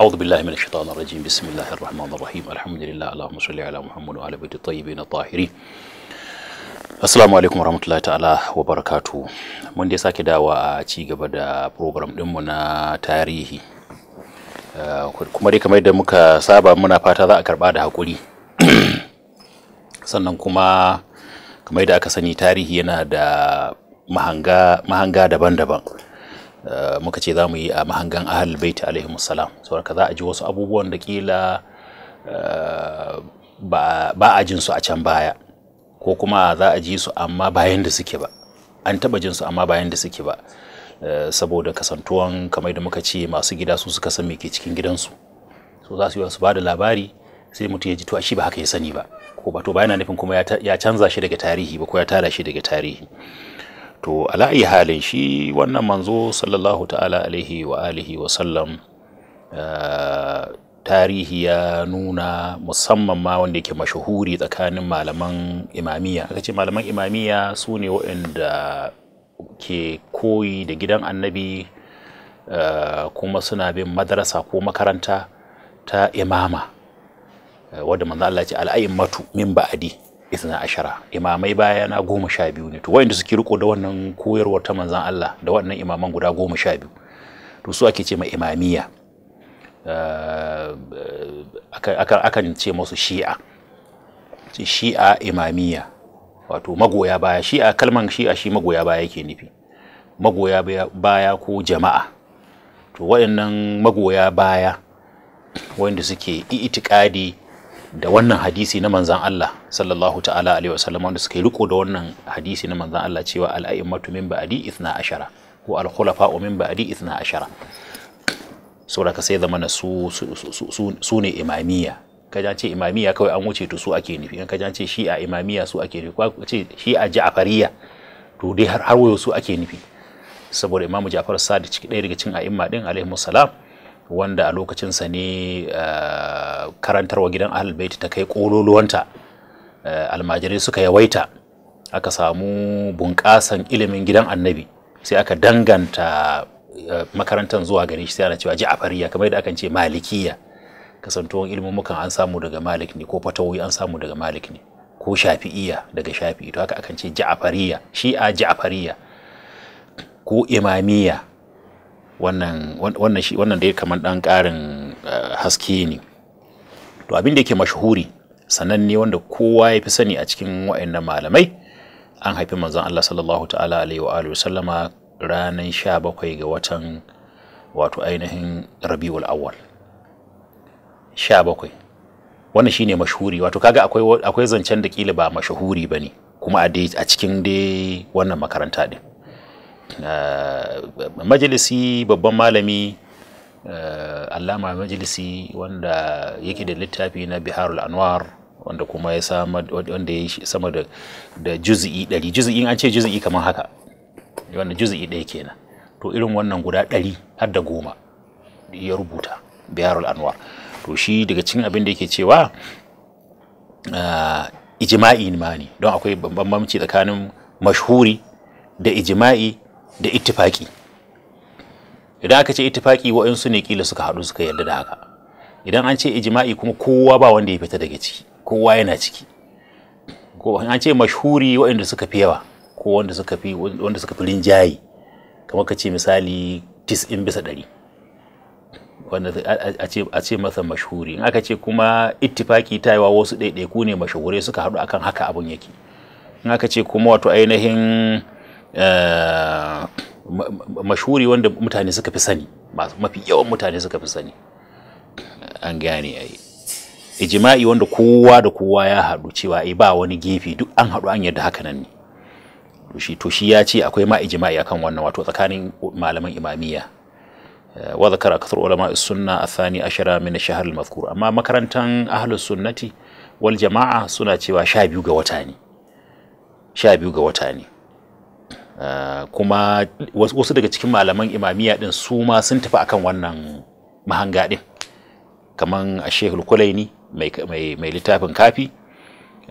أعوذ بالله من الشيطان الرجيم بسم الله الرحمن الرحيم الحمد لله اللهم صل على محمد وعلى بيت الطيبين الطاهرين Assalamu alaikum warahmatullahi ta'ala wa barakatu. Mun dai sake dawa a ci gaba da program mu na tarihi. Eh, kuma dai kamar yadda muka saba muna fata za a karɓa da haƙuri. Sannan kuma kamar yadda aka sani tarihi yana da mahanga daban-daban. Eh, muka ce za mu yi a mahangan ahal baiti alaihi salam saboda za a ji wasu abubuwan da kila eh, ba a jin su a can baya ko kuma za a ji su amma bayan da suke ba an taba jin su amma bayan da suke ba eh, saboda kasantuwan kamar da muka ce masu gida su suka san me ke cikin gidansu so za su yi wasu ba da labari sai mutum ya ji to a shi ba haka ya sani ba ko ba to ba yana nufin kuma ya canza shi daga tarihi ba ko ya tara shi daga tarihi to ala'ayi halin shi wannan manzo sallallahu ta'ala alaihi wa alihi wa sallam eh, tarihi ya nuna musamman ma wanda yake mashahuri tsakanin malaman imamiya aka ce malaman imamiya su ne waɗanda ke koyi da gidan annabi eh, kuma suna bin madarasa ko makaranta ta imama eh, wadda manzo Allah ce al'ayyin matu min ba'adi izna ashara imamai baya na goma sha biyu ne to wayanda suke riko da wannan koyarwar ta manzan Allah da wannan imaman guda goma sha biyu to su ake ce ma imamiya eh, akan ce masu shi'a shi'a imamiya wato magoya baya shi'a kalman shi'a shi magoya baya yake nufi magoya baya ko jama'a to wayannan magoya baya wayanda suke itikadi da wannan hadisi na manzan Allah sallallahu ta'ala alaihi wasallam wanda suka yi riko da wannan hadisi na manzan Allah cewa al'aimatu min ba'di ithna ashara ko al-khulafa'u min ba'di ithna ashara saboda ka sai zama su su ne imamiyya ja ce imamiyya kawai an wuce to su ake nufi in ja ce a imamiyya su ake nufi ko ce shi a ja'fariyya to dai har har wayo su ake nufi saboda imamu Ja'far Sadiq ɗaya daga cikin a'imma din alaihi salam wanda a lokacinsa ne eh, karantarwa gidan ahlul ta kai ƙololuwanta eh, almajirai suka yawaita aka samu bunƙasan ilimin gidan annabi sai aka danganta eh, makarantar zuwa gare shi sai ana cewa ja'afariya kamar yadda akan ce malikiya kasantuwan ilimin an samu daga malik ne ko fatawoyi an samu daga malik ne ko shafi'iya daga shafi'i to haka akan ce ja'afariya shi'a ja'afariya ko imamiya wannan wannan ya wannan kamar dan karin eh, haske ne to abin da yake sannan ne wanda kowa ya fi sani a cikin wa'annan malamai an haifi manzon Allah sallallahu ta'ala alaihi wa alihi sallama ranar 17 ga watan wato ainihin Rabiul Awwal 17 wannan shine mashuhuri wato kaga akwai akwai zancen da kila ba mashhuri bane kuma a cikin dai wannan makaranta din Eh, majalisi babban malami eh, allama majalisi wanda yake da littafi na biharul anwar wanda kuma ya sama wanda ya sama da da juz'i 100 juz'i an ce juz'i kamar haka wanda juz'i ɗaya kenan to irin wannan guda 100 har da goma ya rubuta biharul anwar to shi daga cikin abin da yake cewa eh, ijima'i ma ne don akwai bambanci tsakanin mashhuri da ijima'i da ittifaki idan aka ce ittifaki waɗansu ne kila suka haɗu suka yarda da haka idan an ce ijma'i kuma kowa ba wanda ya fita daga ciki kowa yana ciki ko an ce mashhuri waɗanda suka fi yawa ko wanda suka fi wanda suka fi rinjaye kamar ka ce misali 90 bisa ɗari wanda a ce masa mashhuri in aka ce kuma ittifaki tayawa wasu ɗaiɗaiku ne mashahurai suka haɗu akan haka abun yake in aka ce kuma wato ainihin Eh, mashuri wanda mutane suka fi sani mafi yawan mutane suka fi sani an gane ai ijma'i wanda kowa da kowa ya haɗu cewa ai eh, ba wani gefe duk an haɗu an yadda haka nan ne shi to shi ya ce akwai ma ijma'i akan wannan wato tsakanin malaman imamiyya eh, wa zakara kasar ulama sunna athani ashara min shahar al-mazkur amma makarantan ahlus sunnati wal jama'a suna cewa sha ga wata ne ga wata ne Eh, kuma wasu daga cikin malaman imamiya din su ma sun tafi akan wannan mahanga din kaman a shehul kulaini mai littafin kafi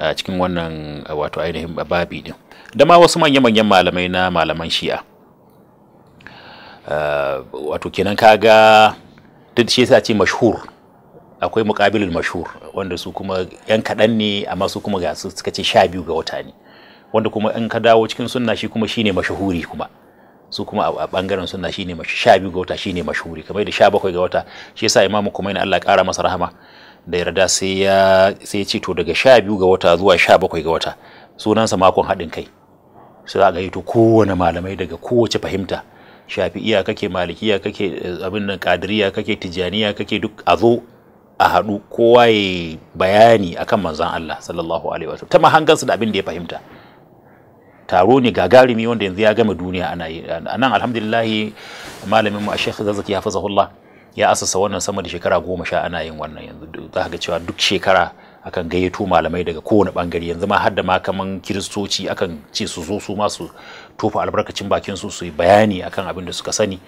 a cikin wannan wato ainihin babi din da ma wasu manya-manyan malamai na malaman shi'a eh, wato kenan kaga duk shi yasa ce mashhur akwai muƙabilin mashhur wanda su kuma yan kaɗan ne amma su kuma ga su suka ce sha biyu ga wata ne wanda kuma in ka dawo cikin sunna shi kuma shine mashahuri kuma su kuma a bangaren sunna shine sha biyu ga wata shine mashahuri kamar da sha bakwai ga wata shi yasa imamu kuma ina Allah kara masa rahama da yarda sai ya sai ya ce to daga sha biyu ga wata zuwa sha bakwai ga wata sunansa makon haɗin kai sai za ga yi to kowane malamai daga kowace fahimta shafi'iya kake malikiya kake eh, abin nan kadiriya kake tijaniya kake duk a zo a haɗu kowa ya bayani akan manzon Allah sallallahu alaihi wasallam ta mahangansu da abin da ya fahimta taro ne gagarumi wanda yanzu ya gama duniya ana yi nan alhamdulillahi malamin mu a ya zazzaki hafizahullah ya asasa wannan sama da shekara goma sha ana yin wannan yanzu za ka ga cewa duk shekara akan gayyato malamai daga kowane bangare yanzu ma har da ma kaman kiristoci akan ce su zo su ma su tofa albarkacin bakin su su yi bayani akan abin da suka sani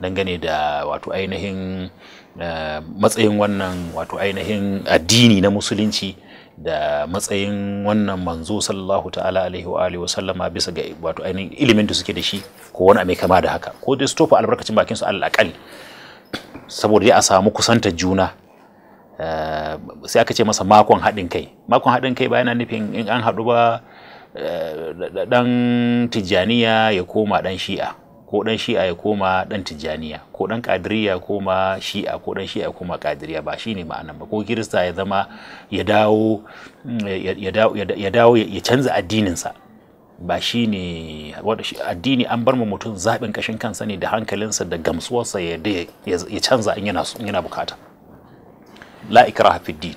dangane da wato ainihin eh, matsayin wannan wato ainihin addini na musulunci da matsayin wannan manzo sallallahu ta'ala alaihi wa alihi wa sallama bisa ga wato ainihin ilimin da suke da shi ko wani mai kama da haka ko dai su tofa albarkacin bakin su alal saboda dai a samu kusanta juna eh, sai aka ce masa makon haɗin kai makon haɗin kai ba yana nufin in an haɗu ba eh, dan tijjaniya ya koma dan shi'a ko dan shi'a ya koma dan tijaniya ko dan kadiriya ya koma shi'a ko dan shi'a ya koma kadiriya ba shine ma'anan ba ko kirista ya zama ya dawo mm, ya canza addininsa ba shi ne addini an bar ma mutum zaɓin ƙashin kansa ne da hankalinsa da gamsuwarsa ya canza in yana bukata la'ikira ikraha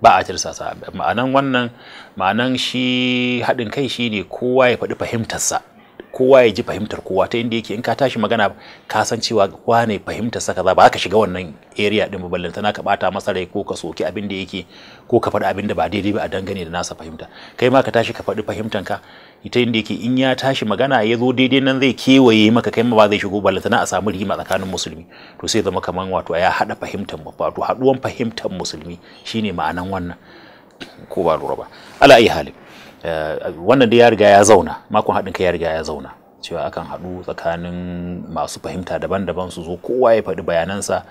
ba a tirsasa ma'anan wannan ma'anan shi haɗin kai shine kowa ya faɗi fahimtarsa kowa ya ji fahimtar kowa ta inda yake in ka tashi magana ka san cewa wane fahimtar saka za ba ka shiga wannan area din ba ballanta na ka bata masa rai ko ka soki abin da yake ko ka faɗi abin da ba daidai ba a dangane da nasa fahimta kai ma ka tashi ka faɗi fahimtar ka ita inda yake in ya tashi magana ya zo daidai nan zai kewaye maka kai ma ba zai shigo ballanta na a samu rigima tsakanin musulmi to sai zama kaman wato ya haɗa fahimtar mu wato haɗuwan fahimtar musulmi shine ma'anan wannan ko ba lura ba ala ayi halin Eh, wannan dai ya riga ya zauna makon haɗin kai ya riga ya zauna cewa akan haɗu tsakanin masu fahimta daban-daban su zo kowa ya faɗi bayanansa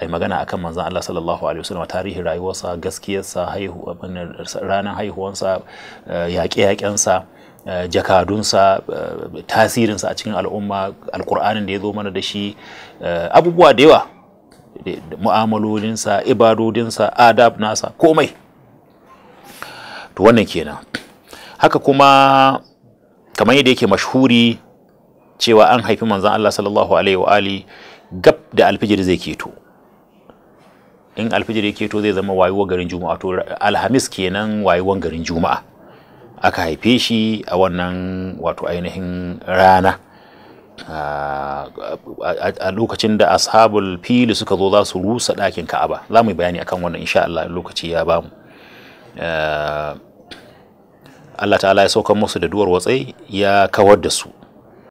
ai magana akan manzon Allah sallallahu alaihi wasallam tarihin rayuwarsa gaskiyarsa ranar haihuwarsa, eh, yaƙe-yaƙensa eh, jakadunsa tasirinsa a cikin al'umma alƙur'anin da ya zo mana da shi abubuwa da yawa mu'amalolinsa ibadodinsa adab nasa komai to wannan kenan haka kuma kamar yadda yake mashhuri cewa an haifi manzan Allah sallallahu alaihi wa ali gab da alfijir zai keto in alfijir ya keto zai zama wayuwar garin juma'a to alhamis kenan wayuwar garin juma'a aka haife shi a wannan wato ainihin rana ah, a lokacin da ashabul fili suka zo za su rusa ɗakin ka'aba za mu yi bayani akan wannan insha Allah lokaci ya bamu ah, Allah ta'ala ya sauka musu da duwar watsai ya kawar da su